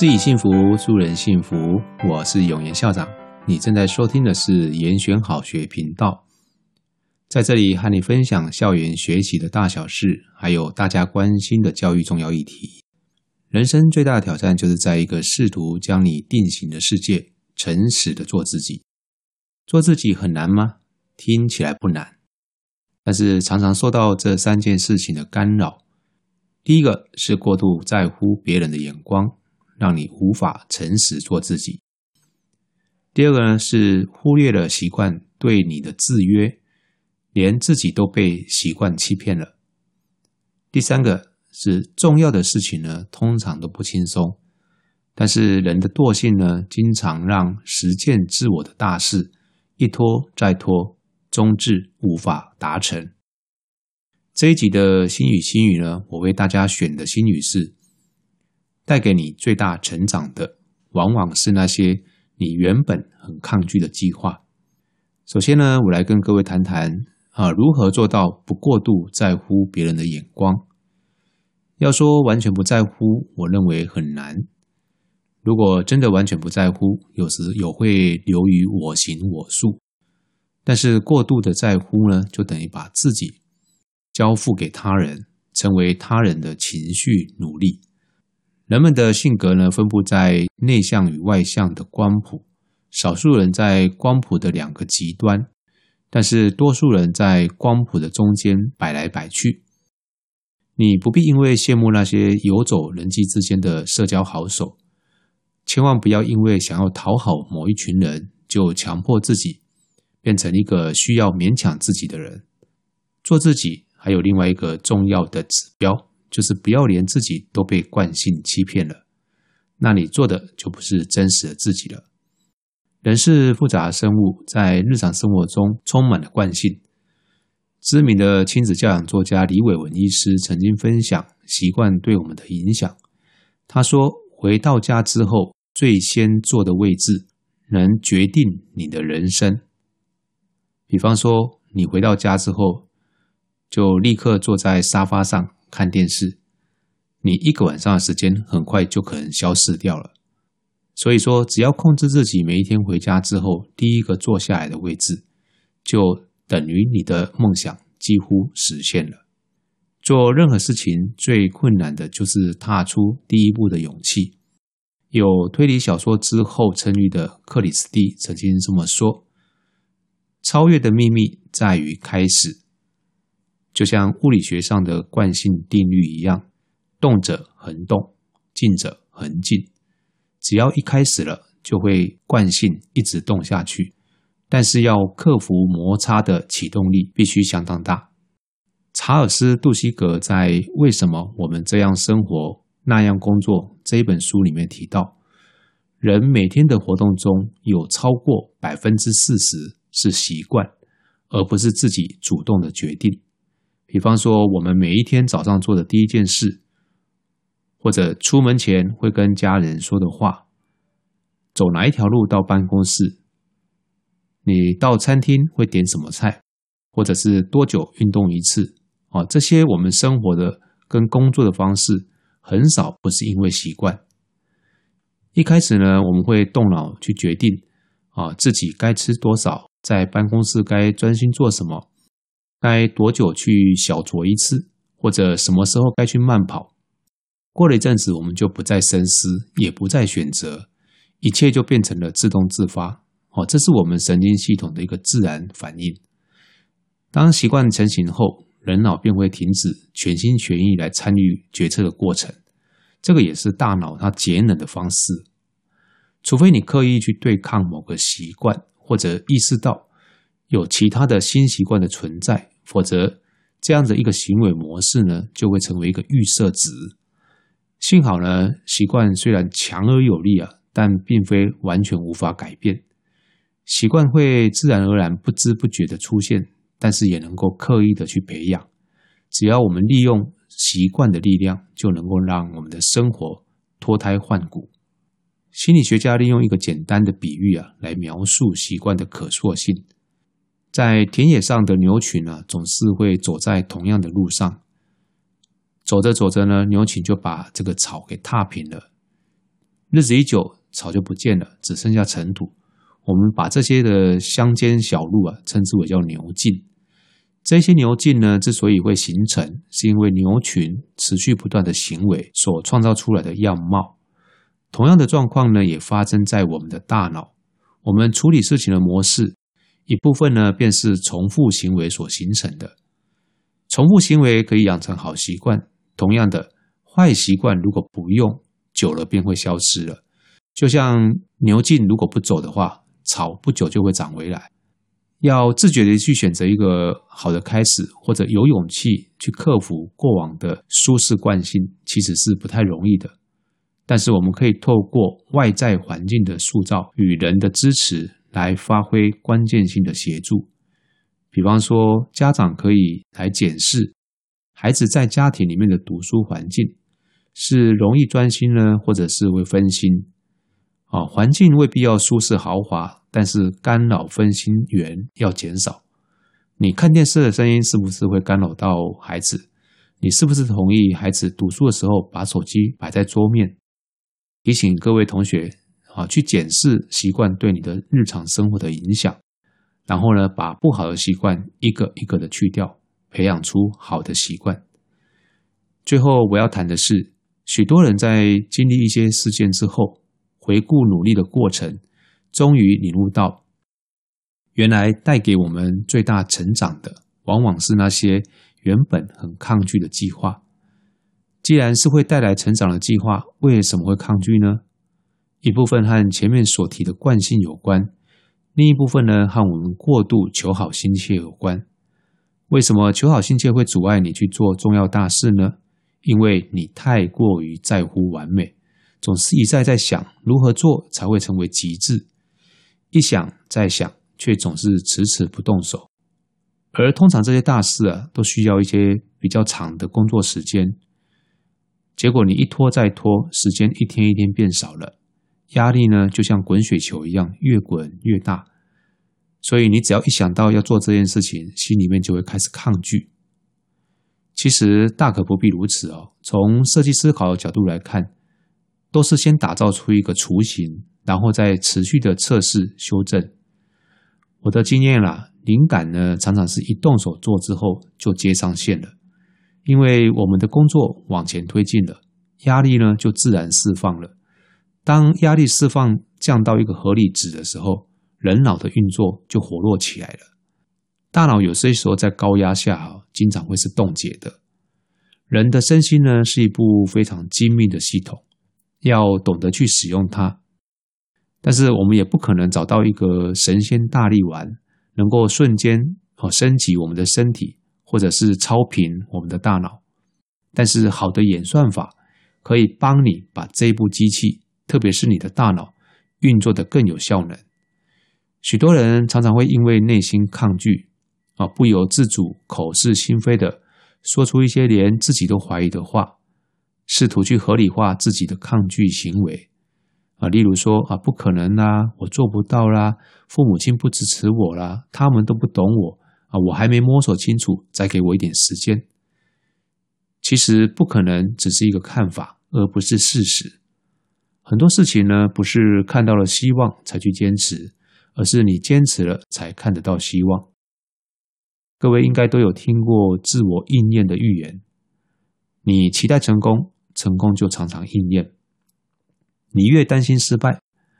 自己幸福，助人幸福。我是永言校長，你正在收聽的是“嚴選好學”頻道。在這裡和你分享校園學習的大小事，還有大家關心的教育重要議題。人生最大的挑戰，就是在一個試圖將你定型的世界，誠實的做自己。做自己很難嗎？聽起來不難，但是常常受到這三件事情的干擾。第一個是過度在乎別人的眼光。讓你無法誠實做自己。第二個呢，是忽略了習慣對你的制約，連自己都被習慣欺騙了。第三個是重要的事情呢，通常都不輕鬆，但是人的惰性呢，經常讓實踐自我的大事一拖再拖，終至無法達成。這一集的心語興語呢，我為大家選的心語是，帶給你最大成長的，往往是那些你原本很抗拒的計劃。首先呢，我來跟各位談談啊，如何做到不過度在乎別人的眼光。要說完全不在乎，我認為很難。如果真的完全不在乎，有時也會流於我行我素。但是過度的在乎呢，就等於把自己交付給他人，成為他人的情緒奴隸。人們的性格呢，分佈在內向與外向的光譜，少數人在光譜的兩個極端，但是多數人在光譜的中間擺來擺去。你不必因為羨慕那些游走人際之間的社交好手，千萬不要因為想要討好某一群人就強迫自己變成一個需要勉強自己的人。做自己還有另外一個重要的指標。就是不要連自己都被慣性欺騙了，那你做的就不是真實的自己了。人是複雜的生物，在日常生活中充滿了慣性。知名的親子教養作家李偉文醫師曾經分享習慣對我們的影響。他說，回到家之後，最先坐的位置能決定你的人生。比方說，你回到家之後，就立刻坐在沙發上，看電視，你一個晚上的時間很快就可能消失掉了。所以說，只要控制自己每一天回家之後第一個坐下來的位置，就等於你的夢想幾乎實現了。做任何事情最困難的就是踏出第一步的勇氣。有推理小說之後稱譽的克里斯蒂曾經這麼說：“超越的秘密在於開始。”就像物理學上的慣性定律一樣，動者恆動，靜者恆靜。只要一開始了，就會慣性一直動下去。但是要克服摩擦的啟動力，必須相當大。查爾斯·杜希格在《為什麼我們這樣生活、那樣工作》這一本書裡面提到，人每天的活動中，有超過百分之四十是習慣，而不是自己主動的決定。比方說，我們每一天早上做的第一件事，或者出門前會跟家人說的話，走哪一條路到辦公室，你到餐廳會點什麼菜，或者是多久運動一次？啊，這些我們生活的跟工作的方式，很少不是因為習慣。一開始呢，我們會動腦去決定，啊，自己該吃多少，在辦公室該專心做什麼。該多久去小酌一次，或者什麼時候該去慢跑？過了一陣子，我們就不再深思，也不再選擇，一切就變成了自動自發。哦，這是我們神經系統的一個自然反應。當習慣成型後，人腦便會停止全心全意來參與決策的過程。這個也是大腦它節能的方式。除非你刻意去對抗某個習慣，或者意識到有其他的新習慣的存在。否則，這樣的一個行為模式呢，就會成為一個預設值。幸好呢，習慣雖然強而有力啊，但並非完全無法改變。習慣會自然而然、不知不覺的出現，但是也能夠刻意的去培養。只要我們利用習慣的力量，就能夠讓我們的生活脫胎換骨。心理學家利用一個簡單的比喻啊，來描述習慣的可塑性。在田野上的牛群呢、啊，總是會走在同樣的路上。走着走着呢，牛群就把這個草給踏平了。日子一久，草就不見了，只剩下塵土。我們把這些的鄉間小路啊，稱之為叫牛徑。這些牛徑呢，之所以會形成，是因為牛群持續不斷的行為所創造出來的樣貌。同樣的狀況呢，也發生在我們的大腦。我們處理事情的模式，一部分呢，便是重複行為所形成的。重複行為可以養成好習慣，同樣的，壞習慣如果不用久了，便會消失了。就像牛徑如果不走的話，草不久就會長回來。要自覺地去選擇一個好的開始，或者有勇氣去克服過往的舒適慣性，其實是不太容易的。但是我們可以透過外在環境的塑造與人的支持。來發揮關鍵性的協助，比方說，家長可以來檢視孩子在家庭裡面的讀書環境是容易專心呢，或者是會分心啊？環境未必要舒適豪華，但是干擾分心源要減少。你看電視的聲音是不是會干擾到孩子？你是不是同意孩子讀書的時候把手機擺在桌面？提醒各位同學，啊，去檢視習慣對你的日常生活的影響，然後呢，把不好的習慣一個一個的去掉，培養出好的習慣。最後我要談的是，許多人在經歷一些事件之後，回顧努力的過程，終於領悟到，原來帶給我們最大成長的，往往是那些原本很抗拒的計劃。既然是會帶來成長的計劃，為什麼會抗拒呢？一部分和前面所提的慣性有關，另一部分呢，和我們過度求好心切有關。為什麼求好心切會阻礙你去做重要大事呢？因為你太過於在乎完美，總是一再在想如何做才會成為極致，一想再想，卻總是遲遲不動手。而通常這些大事啊，都需要一些比較長的工作時間，結果你一拖再拖，時間一天一天變少了。壓力呢，就像滾雪球一樣，越滾越大。所以你只要一想到要做這件事情，心裡面就會開始抗拒。其實大可不必如此哦。從設計思考的角度來看，都是先打造出一個雛形，然後再持續的測試修正。我的經驗啦，靈感呢，常常是一動手做之後就接上線了，因為我們的工作往前推進了，壓力呢，就自然釋放了。當壓力釋放降到一個合理值的時候，人腦的運作就活絡起來了。大腦有些時候在高壓下哦，經常會是凍結的。人的身心呢，是一部非常精密的系統，要懂得去使用它。但是我們也不可能找到一個神仙大力丸，能夠瞬間哦升級我們的身體，或者是超頻我們的大腦。但是好的演算法可以幫你把這一部機器。特別是你的大腦運作的更有效能。許多人常常會因為內心抗拒，啊，不由自主口是心非的說出一些連自己都懷疑的話，試圖去合理化自己的抗拒行為，啊，例如說啊，不可能啦、啊，我做不到啦，父母親不支持我啦，他們都不懂我啊，我還沒摸索清楚，再給我一點時間。其實不可能只是一個看法，而不是事實。很多事情呢，不是看到了希望才去堅持，而是你堅持了才看得到希望。各位應該都有聽過自我應驗的預言，你期待成功，成功就常常應驗。你越擔心失敗，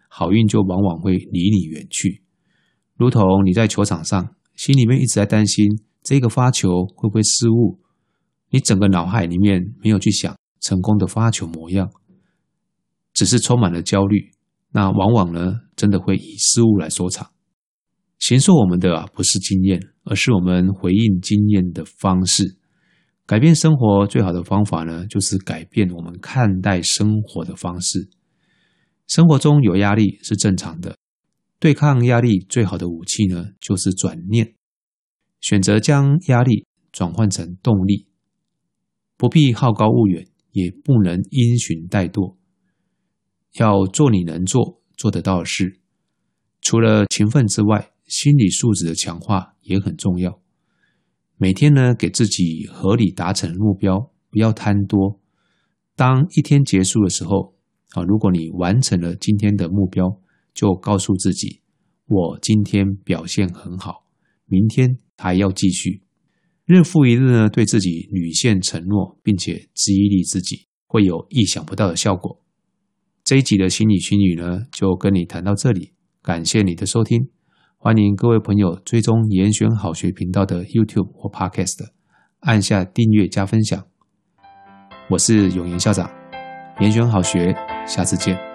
好運就往往會離你遠去。如同你在球場上，心裡面一直在擔心這個發球會不會失誤，你整個腦海裡面沒有去想成功的發球模樣，只是充滿了焦慮，那往往呢，真的會以失誤來收場。形塑我們的啊，不是經驗，而是我們回應經驗的方式。改變生活最好的方法呢，就是改變我們看待生活的方式。生活中有壓力是正常的，對抗壓力最好的武器呢，就是轉念，選擇將壓力轉換成動力。不必好高騖遠，也不能因循怠惰。要做你能做、做得到的事，除了勤奮之外，心理素質的強化也很重要。每天呢，給自己合理達成目標，不要貪多。當一天結束的時候，啊，如果你完成了今天的目標，就告訴自己：我今天表現很好。明天還要繼續，日復一日呢，對自己履踐承諾，並且激勵自己，會有意想不到的效果。這一集的心語興語呢，就跟你談到這裡。感謝你的收聽，歡迎各位朋友追蹤嚴選好學頻道的 YouTube 或 Podcast，按下訂閱加分享。我是永言校長，嚴選好學，下次見。